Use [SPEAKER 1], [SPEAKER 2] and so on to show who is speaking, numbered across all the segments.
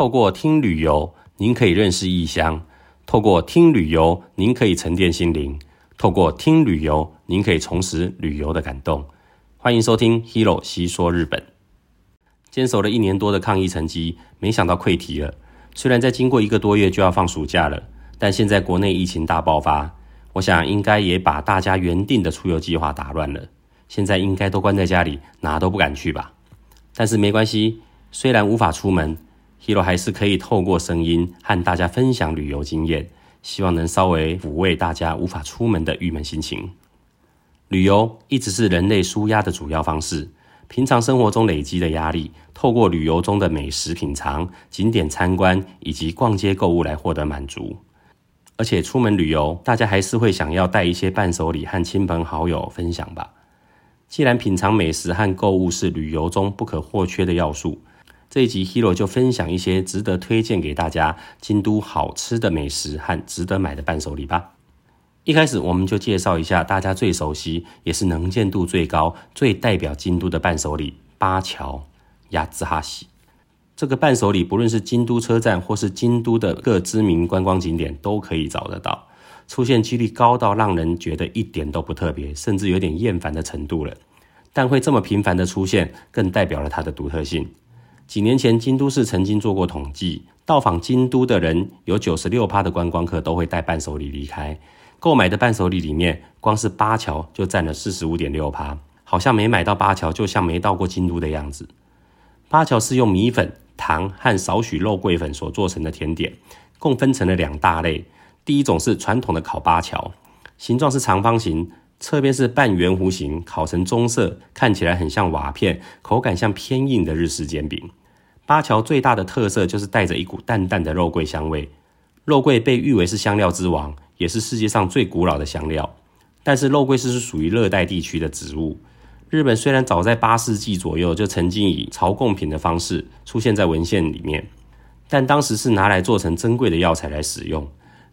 [SPEAKER 1] 透過聽旅遊，您可以認識異鄉；透過聽旅遊，您可以沉澱心靈；透過聽旅遊，您可以重拾旅遊的感動。歡迎收聽《HIRO 西說日本》。堅守了一年多的抗疫成績，沒想到潰堤了。雖然再經過一個多月就要放暑假了，但現在國內疫情大爆發，我想應該也把大家原定的出遊計劃打亂了。現在應該都關在家裡，哪都不敢去吧？但是沒關係，雖然無法出門。HIRO 還是可以透過聲音和大家分享旅遊經驗，希望能稍微撫慰大家無法出門的鬱悶心情。旅遊一直是人類紓壓的主要方式，平常生活中累積的壓力，透過旅遊中的美食品嘗、景點參觀以及逛街購物來獲得滿足。而且出門旅遊，大家還是會想要帶一些伴手禮和親朋好友分享吧。既然品嘗美食和購物是旅遊中不可或缺的要素。這一集 HIRO 就分享一些值得推薦給大家京都好吃的美食和值得買的伴手禮吧。一開始我們就介紹一下大家最熟悉也是能見度最高、最代表京都的伴手禮——八橋亞滋哈西。這個伴手禮不論是京都車站或是京都的各知名觀光景點都可以找得到，出現幾率高到讓人覺得一點都不特別，甚至有點厭煩的程度了。但會這麼頻繁的出現，更代表了它的獨特性。幾年前，京都市曾經做過統計，到訪京都的人有九十六趴的觀光客都會帶伴手禮離開。購買的伴手禮裡面，光是八橋就占了四十五點六趴，好像沒買到八橋，就像沒到過京都的樣子。八橋是用米粉、糖和少許肉桂粉所做成的甜點，共分成了兩大類。第一種是傳統的烤八橋，形狀是長方形，側邊是半圓弧形，烤成棕色，看起來很像瓦片，口感像偏硬的日式煎餅。八橋最大的特色就是帶着一股淡淡的肉桂香味。肉桂被譽為是香料之王，也是世界上最古老的香料。但是肉桂是屬於熱帶地區的植物。日本雖然早在八世紀左右就曾經以朝貢品的方式出現在文獻裡面，但當時是拿來做成珍貴的藥材來使用。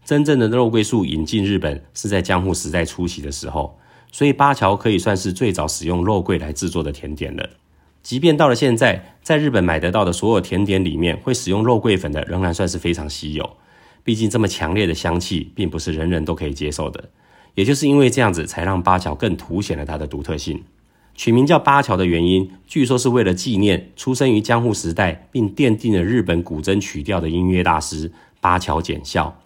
[SPEAKER 1] 真正的肉桂樹引進日本是在江戶時代初期的時候，所以八橋可以算是最早使用肉桂來制作的甜點了。即便到了現在，在日本買得到的所有甜點裡面，會使用肉桂粉的，仍然算是非常稀有。畢竟這麼強烈的香氣，並不是人人都可以接受的。也就是因為這樣子，才讓八橋更凸顯了它的獨特性。取名叫八橋的原因，據說是為了紀念出生於江戶時代，並奠定了日本古箏曲調的音樂大師八橋檢校，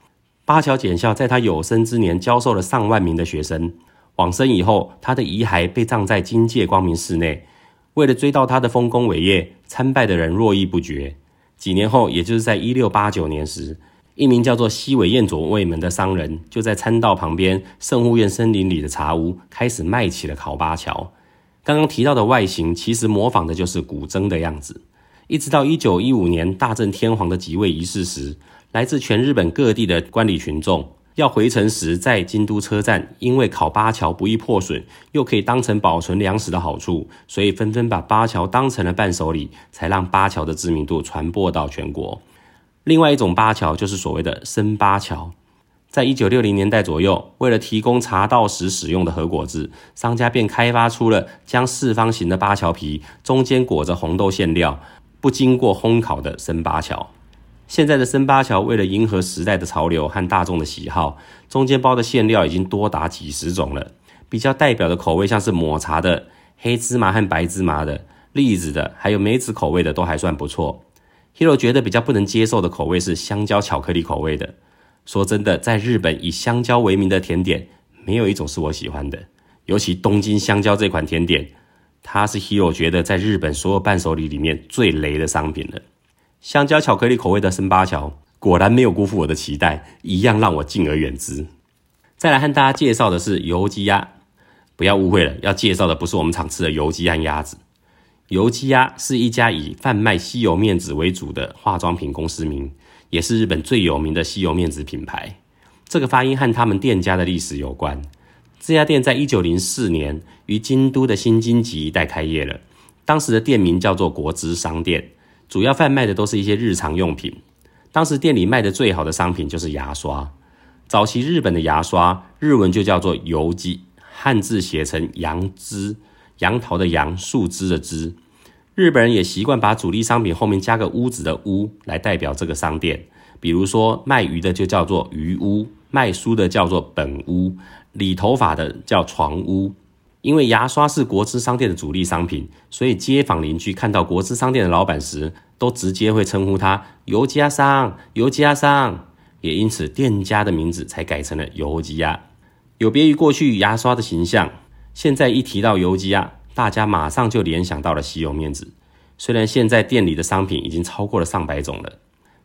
[SPEAKER 1] 八橋檢校在他有生之年，教授了上萬名的學生。往生以後，他的遺骸被葬在金界光明寺內。為了追到他的豐功偉業，參拜的人絡繹不絕。幾年後，也就是在一六八九年時，一名叫做西尾彦左衛門的商人，就在參道旁邊聖護院森林裡的茶屋，開始賣起了烤八橋。剛剛提到的外形，其實模仿的就是古箏的樣子。一直到一九一五年大正天皇的即位儀式時，來自全日本各地的觀禮群眾。要回程時，在京都車站，因為烤八橋不易破損，又可以當成保存糧食的好處，所以紛紛把八橋當成了伴手禮，才讓八橋的知名度傳播到全國。另外一種八橋就是所謂的生八橋，在一九六零年代左右，為了提供茶道時使用的和果子，商家便開發出了將四方形的八橋皮中間裹着紅豆餡料，不經過烘烤的生八橋。現在的生八橋為了迎合時代的潮流和大眾的喜好，中間包的餡料已經多達幾十種了。比較代表的口味像是抹茶的、黑芝麻和白芝麻的、栗子的，還有梅子口味的都還算不錯。HIRO 覺得比較不能接受的口味是香蕉巧克力口味的。說真的，在日本以香蕉為名的甜點沒有一種是我喜歡的，尤其東京香蕉這款甜點，它是 HIRO 覺得在日本所有伴手禮裡，裡面最雷的商品了。香蕉巧克力口味的生八橋果然沒有辜負我的期待，一樣讓我敬而遠之。再來和大家介紹的是油雞鴨，不要誤會了，要介紹的不是我們常吃的油雞和鴨子。油雞鴨是一家以販賣吸油面紙為主的化妝品公司名，也是日本最有名的吸油面紙品牌。這個發音和他們店家的歷史有關。這家店在一九零四年於京都的新京極一帶開業了，當時的店名叫做國之商店。主要販賣的都是一些日常用品，當時店裡賣的最好的商品就是牙刷。早期日本的牙刷日文就叫做“油枝”，漢字寫成“楊枝”，楊桃的楊，樹枝的枝。日本人也習慣把主力商品後面加個屋子的“屋”來代表這個商店，比如說賣魚的就叫做“魚屋”，賣書的叫做“本屋”，理頭髮的叫“床屋”。因為牙刷是國資商店的主力商品，所以街坊鄰居看到國資商店的老板時，都直接會稱呼他“楊枝屋桑，楊枝屋桑”。楊枝屋桑也因此店家的名字才改成了楊枝屋。有別於過去牙刷的形象，現在一提到楊枝屋，大家馬上就聯想到了吸油面紙。雖然現在店裡的商品已經超過了上百種了，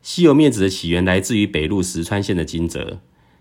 [SPEAKER 1] 吸油面紙的起源來自於北陸石川縣的金澤。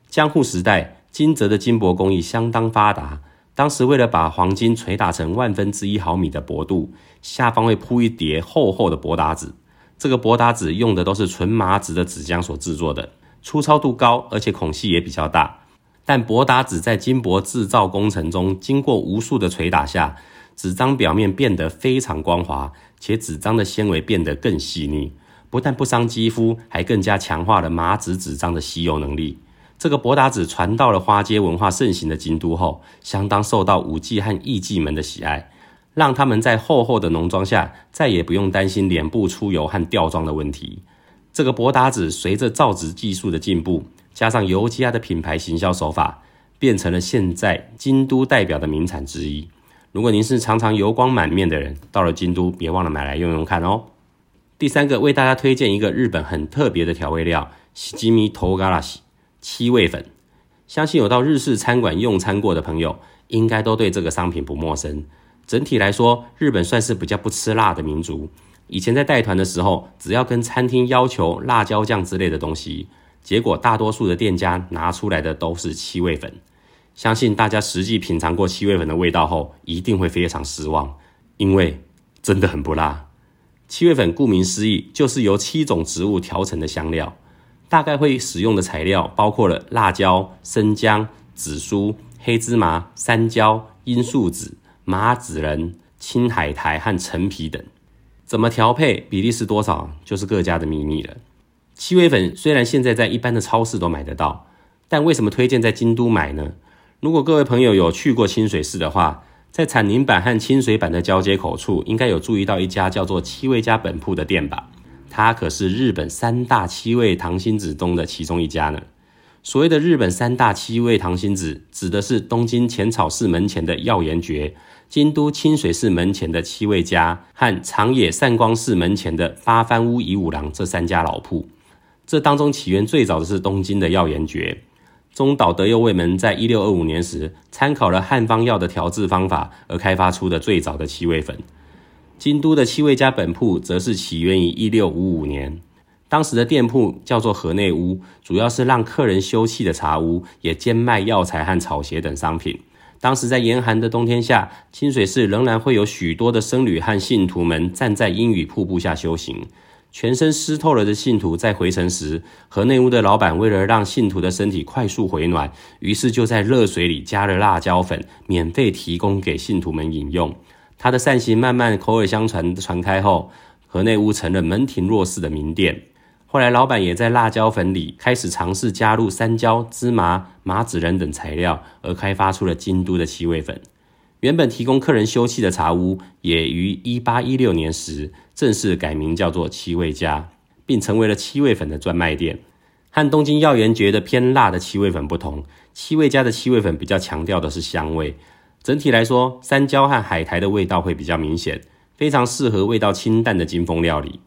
[SPEAKER 1] 江戶時代，金澤的金箔工藝相當發達。當時為了把黃金捶打成萬分之一毫米的薄度，下方會鋪一疊厚厚的薄打紙。這個薄打紙用的都是純麻紙的紙漿所製作的，粗糙度高，而且孔隙也比較大。但薄打紙在金箔制造工程中，經過無數的捶打下，紙張表面變得非常光滑，且紙張的纖維變得更細膩，不但不傷肌膚，還更加強化了麻紙紙張的吸油能力。這個博達子傳到了花街文化盛行的京都後，相當受到舞伎和藝妓們的喜愛，讓他們在厚厚的濃妝下再也不用擔心臉部出油和掉妝的問題。這個博達子隨着造紙技術的進步，加上楊枝屋的品牌行銷手法，變成了現在京都代表的名產之一。如果您是常常油光滿面的人，到了京都別忘了買來用用看哦。第三個為大家推薦一個日本很特別的調味料——七味唐辛子。七味粉，相信有到日式餐館用餐過的朋友，應該都對這個商品不陌生。整體來說，日本算是比較不吃辣的民族。以前在帶團的時候，只要跟餐廳要求辣椒醬之類的東西，結果大多數的店家拿出來的都是七味粉。相信大家實際品嘗過七味粉的味道後，一定會非常失望，因為真的很不辣。七味粉顧名思義，就是由七種植物調成的香料。大概會使用的材料包括了辣椒、生薑、紫蘇、黑芝麻、山椒、罌粟籽、麻子仁、青海苔和陳皮等。怎麼調配，比例是多少，就是各家的秘密了。七味粉雖然現在在一般的超市都買得到，但為什麼推薦在京都買呢？如果各位朋友有去過清水寺的話，在產寧坂和清水坂的交接口處，應該有注意到一家叫做七味家本鋪的店吧？它可是日本三大七味唐辛子中的其中一家呢。所謂的日本三大七味唐辛子，指的是東京淺草寺門前的藥研覺、京都清水寺門前的七味家和長野善光寺門前的八幡屋以五郎這三家老鋪。這當中起源最早的是東京的藥研覺，中島德右衛門在一六二五年時參考了漢方藥的調製方法而開發出的最早的七味粉。京都的七味家本鋪則是起源於一六五五年，當時的店鋪叫做河內屋，主要是讓客人休憩的茶屋，也兼賣藥材和草鞋等商品。當時在嚴寒的冬天下，清水寺仍然會有許多的僧侶和信徒們站在音羽瀑布下修行，全身濕透了的信徒在回程時，河內屋的老板為了讓信徒的身體快速回暖，於是就在熱水裡加了辣椒粉，免費提供給信徒們飲用。他的善行慢慢口耳相傳傳開後，河內屋成了門庭若市的名店。後來，老闆也在辣椒粉裡開始嘗試加入山椒、芝麻、麻子仁等材料，而開發出了京都的七味粉。原本提供客人休憩的茶屋，也於1816年時正式改名叫做七味家，並成為了七味粉的專賣店。和東京藥研覺得偏辣的七味粉不同，七味家的七味粉比較強調的是香味。整體來說，山椒和海苔的味道會比較明顯，非常適合味道清淡的京風料理。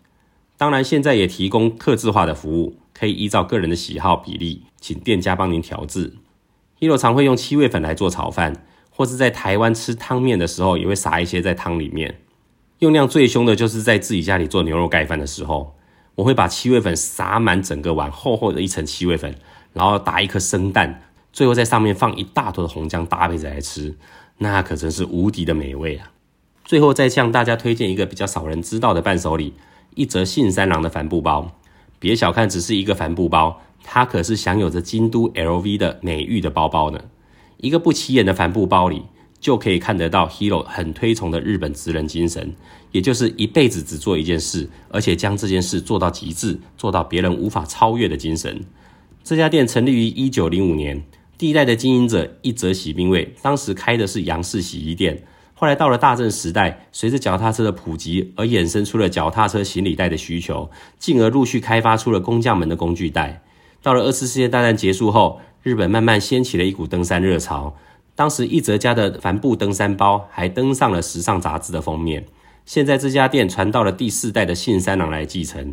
[SPEAKER 1] 當然，現在也提供客製化的服務，可以依照個人的喜好比例，請店家幫您調製。一樓常會用七味粉來做炒飯，或是在台灣吃湯麵的時候，也會撒一些在湯裡面。用量最凶的就是在自己家裡做牛肉蓋飯的時候，我會把七味粉撒滿整個碗，厚厚的一層七味粉，然後打一顆生蛋，最後在上面放一大坨的紅薑搭配着來吃。那可真是無敵的美味啊！最後再向大家推薦一個比較少人知道的伴手禮——一澤信三郎的帆布包。別小看，只是一個帆布包，它可是享有着京都 LV 的美譽的包包呢。一個不起眼的帆布包裡，就可以看得到 HIRO 很推崇的日本職人精神，也就是一輩子只做一件事，而且將這件事做到極致，做到別人無法超越的精神。這家店成立於一九零五年。第一代的經營者一澤喜兵衛，當時開的是洋式洗衣店。後來到了大正時代，隨着腳踏車的普及而衍生出了腳踏車行李袋的需求，進而陸續開發出了工匠們的工具袋。到了二次世界大戰結束後，日本慢慢掀起了一股登山熱潮。當時一澤家的帆布登山包還登上了時尚雜誌的封面。現在這家店傳到了第四代的信三郎來繼承。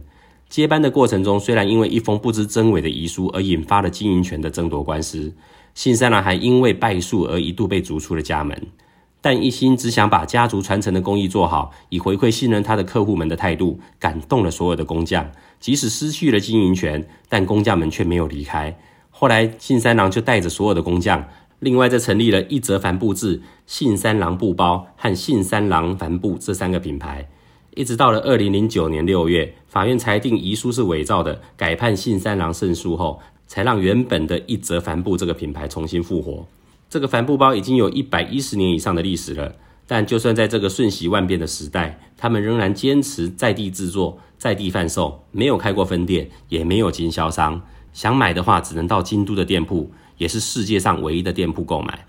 [SPEAKER 1] 接班的過程中，雖然因為一封不知真偽的遺書而引發了經營權的爭奪官司，信三郎還因為敗訴而一度被逐出了家門，但一心只想把家族傳承的工藝做好，以回饋信任他的客戶們的態度，感動了所有的工匠。即使失去了經營權，但工匠們卻沒有離開。後來，信三郎就帶着所有的工匠，另外再成立了“一澤帆布製”、“信三郎布包”和“信三郎帆布”這三個品牌。一直到了二零零九年六月，法院裁定遺書是偽造的，改判信三郎勝訴後，才讓原本的一澤帆布這個品牌重新復活。這個帆布包已經有一百一十年以上的歷史了，但就算在這個瞬息萬變的時代，他們仍然堅持在地制作、在地販售，沒有開過分店，也沒有經銷商。想買的話，只能到京都的店鋪，也是世界上唯一的店鋪購買。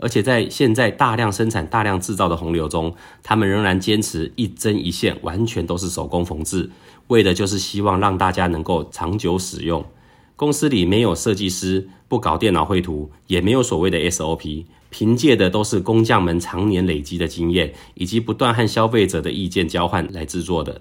[SPEAKER 1] 而且在現在大量生產、大量製造的洪流中，他們仍然堅持一針一線，完全都是手工縫制，為的就是希望讓大家能夠長久使用。公司裡沒有設計師，不搞電腦繪圖，也沒有所謂的 SOP，憑借的都是工匠們常年累積的經驗，以及不斷和消費者的意見交換來製作的。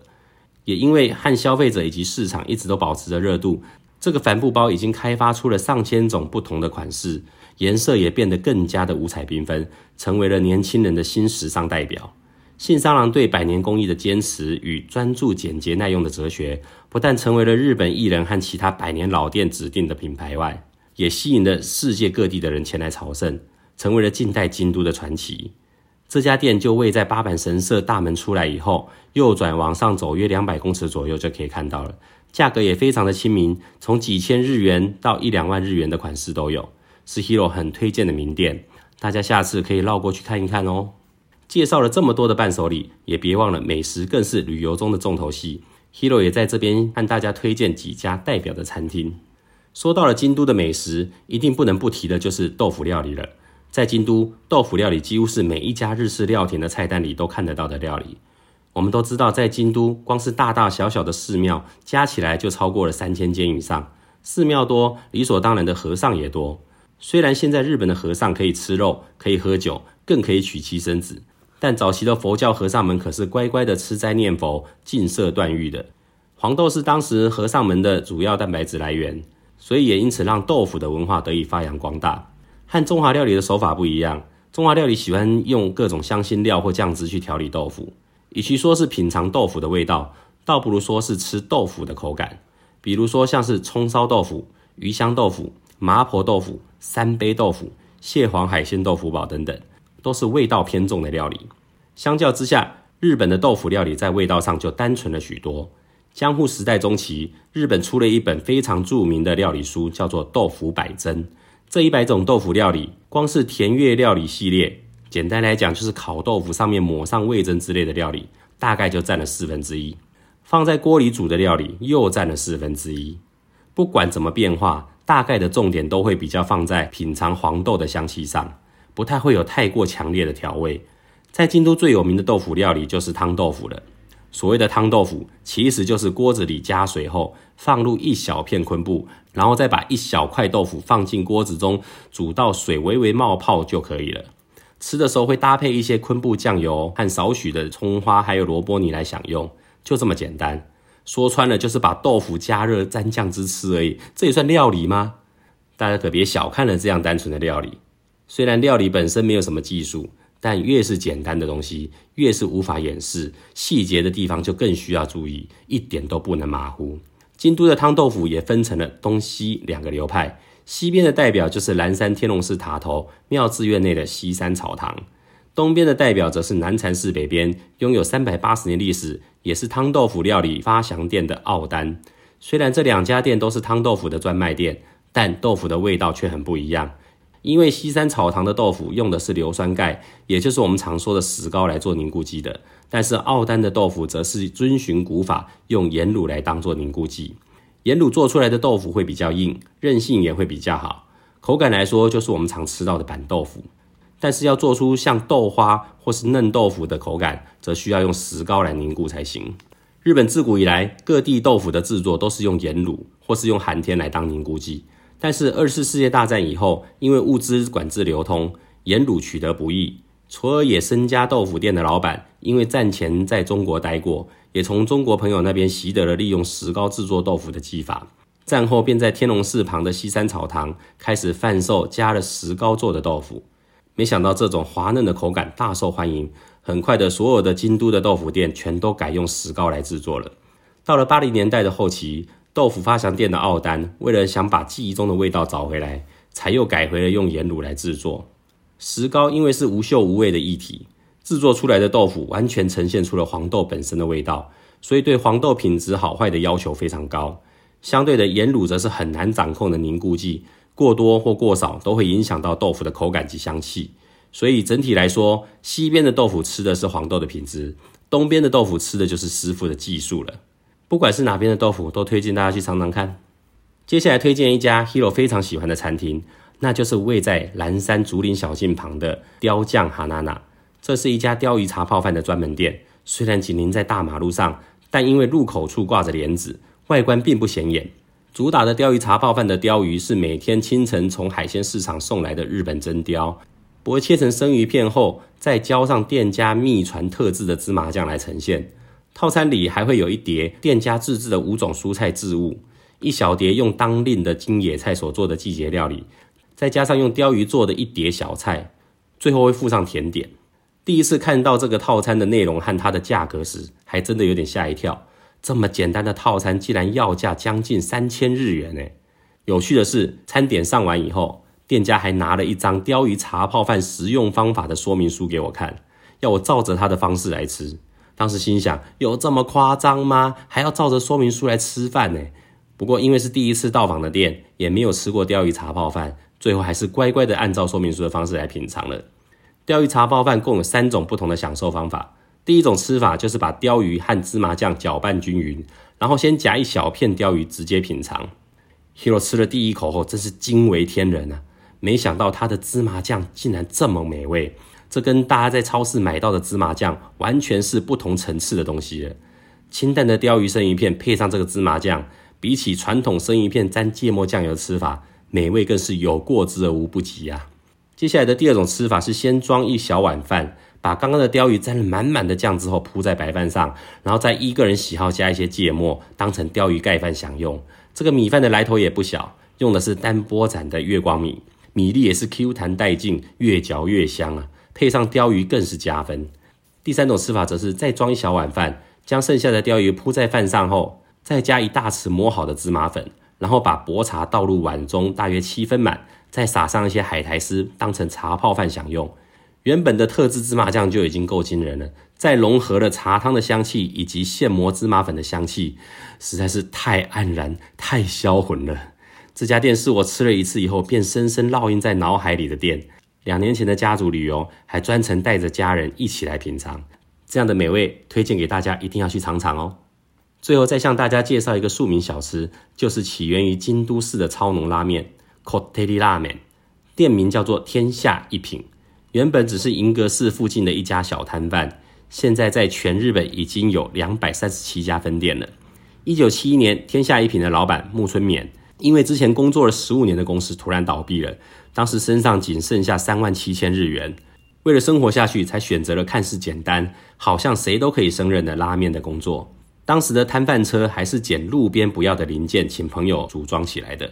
[SPEAKER 1] 也因為和消費者以及市場一直都保持着熱度，這個帆布包已經開發出了上千種不同的款式。顏色也變得更加的五彩繽紛，成為了年輕人的新時尚代表。信三郎對百年工藝的堅持與專注、簡潔耐用的哲學，不但成為了日本藝人和其他百年老店指定的品牌外，也吸引了世界各地的人前來朝聖，成為了近代京都的傳奇。這家店就位在八坂神社大門出來以後，右轉往上走約兩百公尺左右就可以看到了。價格也非常的親民，從幾千日元到一兩萬日元的款式都有。是 Hiro 很推薦的名店，大家下次可以繞過去看一看哦。介紹了這麼多的伴手禮，也別忘了美食更是旅遊中的重頭戲。Hiro 也在這邊向大家推薦幾家代表的餐廳。說到了京都的美食，一定不能不提的就是豆腐料理了。在京都，豆腐料理幾乎是每一家日式料亭的菜單裡都看得到的料理。我們都知道，在京都，光是大大小小的寺廟加起來就超過了三千間以上。寺廟多，理所當然的和尚也多。雖然現在日本的和尚可以吃肉、可以喝酒、更可以娶妻生子，但早期的佛教和尚們可是乖乖的吃齋念佛、禁色斷慾的。黃豆是當時和尚們的主要蛋白質來源，所以也因此讓豆腐的文化得以發揚光大。和中華料理的手法不一樣，中華料理喜歡用各種香辛料或醬汁去調理豆腐，與其說是品嘗豆腐的味道，倒不如說是吃豆腐的口感。比如說像是蔥燒豆腐、魚香豆腐、麻婆豆腐。三杯豆腐、蟹黃海鮮豆腐煲等等，都是味道偏重的料理。相較之下，日本的豆腐料理在味道上就單純了許多。江戶時代中期，日本出了一本非常著名的料理書，叫做《豆腐百珍》。這一百種豆腐料理，光是田樂料理系列，簡單來講就是烤豆腐上面抹上味噌之類的料理，大概就占了四分之一。放在鍋裡煮的料理又占了四分之一。不管怎麼變化，大概的重點都會比較放在品嘗黃豆的香氣上，不太會有太過強烈的調味。在京都最有名的豆腐料理就是湯豆腐了。所謂的湯豆腐，其實就是鍋子裡加水後，放入一小片昆布，然後再把一小塊豆腐放進鍋子中，煮到水微微冒泡就可以了。吃的時候會搭配一些昆布醬油和少許的蔥花，還有蘿蔔泥來享用，就這麼簡單。說穿了就是把豆腐加熱沾醬汁吃而已，這也算料理嗎？大家可別小看了這樣單純的料理。雖然料理本身沒有什麼技術，但越是簡單的東西，越是無法掩飾細節的地方，就更需要注意，一點都不能馬虎。京都的湯豆腐也分成了東西兩個流派，西邊的代表就是嵐山天龍寺塔頭妙智院內的西山草堂，東邊的代表則是南禪寺北邊擁有三百八十年歷史。也是湯豆腐料理發祥店的奧丹，雖然這兩家店都是湯豆腐的專賣店，但豆腐的味道卻很不一樣。因為西山草堂的豆腐用的是硫酸鈣，也就是我們常說的石膏來做凝固劑的；但是奧丹的豆腐則是遵循古法，用鹽滷來當做凝固劑。鹽滷做出來的豆腐會比較硬，韌性也會比較好，口感來說就是我們常吃到的板豆腐。但是要做出像豆花或是嫩豆腐的口感，則需要用石膏來凝固才行。日本自古以來，各地豆腐的製作都是用鹽滷或是用寒天來當凝固劑。但是二次世界大戰以後，因為物資管制流通，鹽滷取得不易，從而也身家豆腐店的老闆，因為戰前在中國待過，也從中國朋友那邊習得了利用石膏製作豆腐的技法。戰後便在天龍寺旁的西山草堂開始販售加了石膏做的豆腐。沒想到這種滑嫩的口感大受歡迎，很快的，所有的京都的豆腐店全都改用石膏來制作了。到了八零年代的後期，豆腐發祥店的奧丹為了想把記憶中的味道找回來，才又改回了用鹽滷來制作。石膏因為是無嗅無味的液體，制作出來的豆腐完全呈現出了黃豆本身的味道，所以對黃豆品質好壞的要求非常高。相對的，鹽滷則是很難掌控的凝固劑。過多或過少都會影響到豆腐的口感及香氣，所以整體來說，西邊的豆腐吃的是黃豆的品質，東邊的豆腐吃的就是師傅的技術了。不管是哪邊的豆腐，都推薦大家去嚐嚐看。接下來推薦一家 HIRO 非常喜歡的餐廳，那就是位在嵐山竹林小徑旁的鯛匠哈娜娜。這是一家鯛魚茶泡飯的專門店，雖然緊鄰在大馬路上，但因為入口處掛着簾子，外觀並不顯眼。主打的鯛魚茶泡飯的鯛魚是每天清晨從海鮮市場送來的日本真鯛，薄切成生魚片後，再澆上店家秘傳特制的芝麻醬來呈現。套餐裡還會有一碟店家自製、制的五種蔬菜漬物，一小碟用當令的京野菜所做的季節料理，再加上用鯛魚做的一碟小菜，最後會附上甜點。第一次看到這個套餐的內容和它的價格時，還真的有點嚇一跳。這麼簡單的套餐，竟然要價將近三千日元呢、欸！有趣的是，餐點上完以後，店家還拿了一張鲷魚茶泡飯食用方法的說明書給我看，要我照着他的方式來吃。當時心想，有這麼誇張嗎？還要照着說明書來吃飯呢、欸？不過因為是第一次到訪的店，也沒有吃過鲷魚茶泡飯，最後還是乖乖的按照說明書的方式來品嘗了。鲷魚茶泡飯共有三種不同的享受方法。第一種吃法就是把鯛魚和芝麻醬攪拌均勻，然後先夾一小片鯛魚直接品嘗。HIRO 吃了第一口後，真是驚為天人啊！沒想到他的芝麻醬竟然這麼美味，這跟大家在超市買到的芝麻醬完全是不同層次的東西了。清淡的鯛魚生魚片配上這個芝麻醬，比起傳統生魚片沾芥末醬油的吃法，美味更是有過之而無不及啊！接下來的第二種吃法是先裝一小碗飯。把剛剛的鯛魚沾了滿滿的醬之後鋪在白飯上，然後再依個人喜好加一些芥末，當成鯛魚蓋飯享用。這個米飯的來頭也不小，用的是單波斬的月光米，米粒也是 Q 彈帶勁，越嚼越香啊！配上鯛魚更是加分。第三種吃法則是再裝一小碗飯，將剩下的鯛魚鋪在飯上後，再加一大匙磨好的芝麻粉，然後把薄茶倒入碗中，大約七分滿，再撒上一些海苔絲，當成茶泡飯享用。原本的特製芝麻醬就已經夠驚人了，再融合了茶湯的香氣以及現磨芝麻粉的香氣，實在是太黯然、太銷魂了。這家店是我吃了一次以後便深深烙印在腦海裡的店。兩年前的家族旅遊，還專程帶着家人一起來品嘗這樣的美味，推薦給大家一定要去嘗嘗哦。最後再向大家介紹一個庶民小吃，就是起源於京都市的超濃拉麵 Kotteri 拉麵，店名叫做天下一品。原本只是銀閣寺附近的一家小攤販，現在在全日本已經有兩百三十七家分店了。一九七一年，天下一品的老闆木村勉，因為之前工作了十五年的公司突然倒閉了，當時身上僅剩下三萬七千日元，為了生活下去，才選擇了看似簡單、好像誰都可以勝任的拉面的工作。當時的攤販車還是撿路邊不要的零件，請朋友組裝起來的。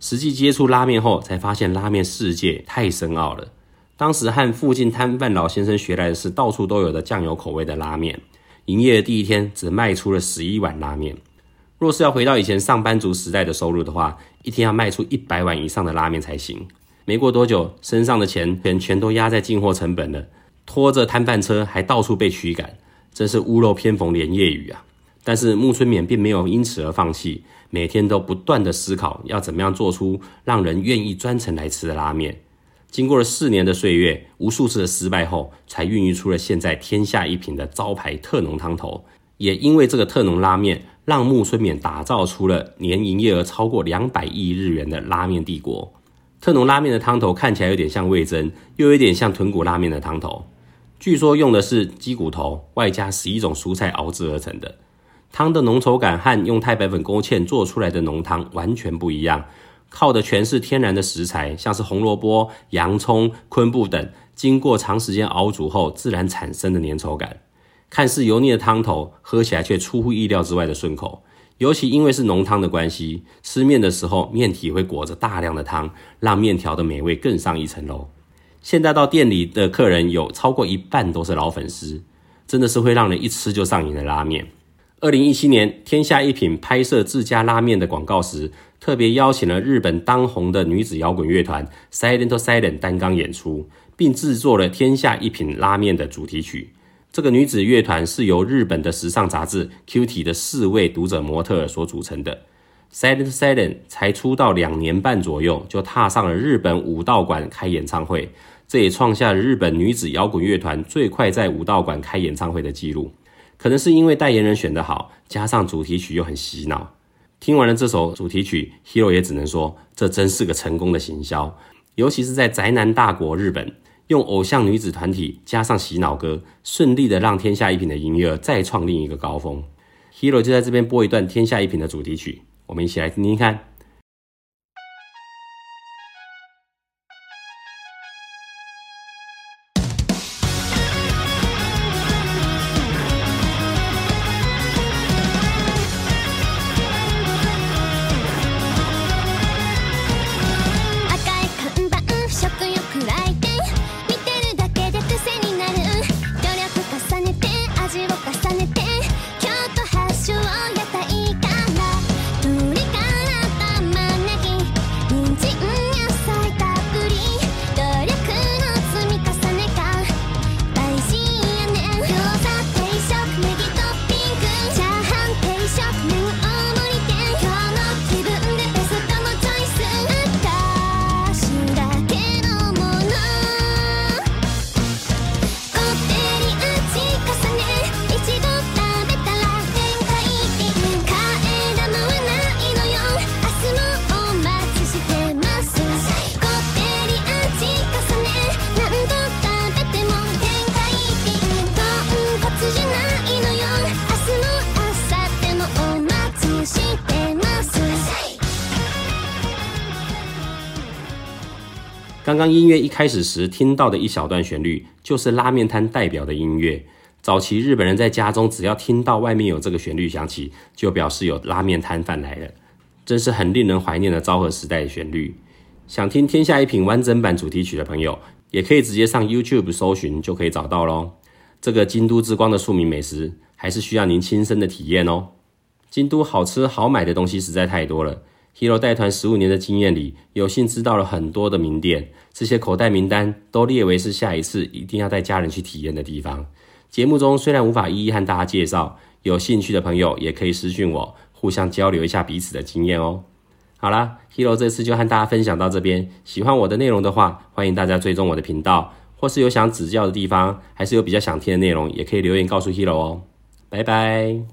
[SPEAKER 1] 實際接觸拉面後，才發現拉面世界太深奧了。當時和附近攤販老先生學來的是到處都有的醬油口味的拉麵。營業的第一天只賣出了十一碗拉麵。若是要回到以前上班族時代的收入的話，一天要賣出一百碗以上的拉麵才行。沒過多久，身上的錢全全都壓在進貨成本了，拖着攤販車還到處被驅趕，真是屋漏偏逢連夜雨啊！但是木村勉並沒有因此而放棄，每天都不斷地思考要怎麼樣做出讓人願意專程來吃的拉麵。經過了四年的歲月，無數次的失敗後，才孕育出了現在天下一品的招牌特濃湯頭。也因為這個特濃拉麵，讓木村勉打造出了年營業額超過兩百億日元的拉面帝國。特濃拉面的湯頭看起來有點像味噌，又有點像豚骨拉面的湯頭。據說用的是雞骨頭，外加十一種蔬菜熬制而成的。湯的濃稠感和用太白粉勾芡做出來的濃湯完全不一樣。靠的全是天然的食材，像是紅蘿蔔、洋蔥、昆布等，經過長時間熬煮後，自然產生的粘稠感。看似油膩的湯頭，喝起來卻出乎意料之外的順口。尤其因為是濃湯的關係，吃麵的時候，麵體會裹着大量的湯，讓麵條的美味更上一層樓。現在到店裡的客人有超過一半都是老粉絲，真的是會讓人一吃就上癮的拉麵。二零一七年，天下一品拍攝自家拉麵的廣告時，特別邀請了日本當紅的女子搖滾樂團 Silent Siren 擔綱演出，並製作了天下一品拉麵的主題曲。這個女子樂團是由日本的時尚雜誌 CUTiE 的四位讀者模特所組成的。Silent Siren 才出道兩年半左右，就踏上了日本武道館開演唱會，這也創下了日本女子搖滾樂團最快在武道館開演唱會的記錄。可能是因為代言人選得好，加上主題曲又很洗腦。聽完了這首主題曲，Hero 也只能說，這真是個成功的行銷，尤其是在宅男大國日本，用偶像女子團體加上洗腦歌，順利的讓《天下一品》的音樂再創另一個高峰。Hero 就在這邊播一段《天下一品》的主題曲，我們一起來聽聽看。剛剛音樂一開始時聽到的一小段旋律，就是拉麵攤代表的音樂。早期日本人在家中，只要聽到外面有這個旋律響起，就表示有拉麵攤販來了。真是很令人懷念的昭和時代旋律。想聽《天下一品》完整版主題曲的朋友，也可以直接上 YouTube 搜尋就可以找到嘍。這個京都之光的庶民美食，還是需要您親身的體驗哦。京都好吃好買的東西實在太多了。HIRO 帶團十五年的經驗裡，有幸知道了很多的名店，這些口袋名單都列為是下一次一定要帶家人去體驗的地方。節目中雖然無法一一和大家介紹，有興趣的朋友也可以私訊我，互相交流一下彼此的經驗哦。好啦，HIRO 這次就和大家分享到這邊。喜歡我的內容的話，歡迎大家追蹤我的頻道，或是有想指教的地方，還是有比較想聽的內容，也可以留言告訴 HIRO 哦。拜拜。